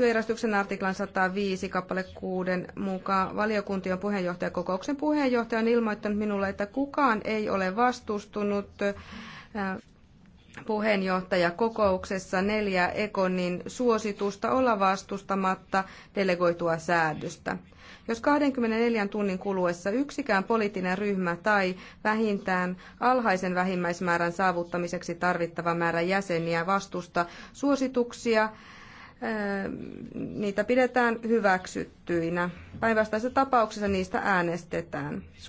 työjärjestyksen artiklan 105 kappale 6 mukaan valiokuntien puheenjohtajakokouksen puheenjohtaja on ilmoittanut minulle, että kukaan ei ole vastustunut äh, puheenjohtaja kokouksessa neljä Ekonin suositusta olla vastustamatta delegoitua säädöstä. Jos 24 tunnin kuluessa yksikään poliittinen ryhmä tai vähintään alhaisen vähimmäismäärän saavuttamiseksi tarvittava määrä jäseniä vastusta suosituksia, niitä pidetään hyväksyttyinä. Päinvastaisessa tapauksessa niistä äänestetään.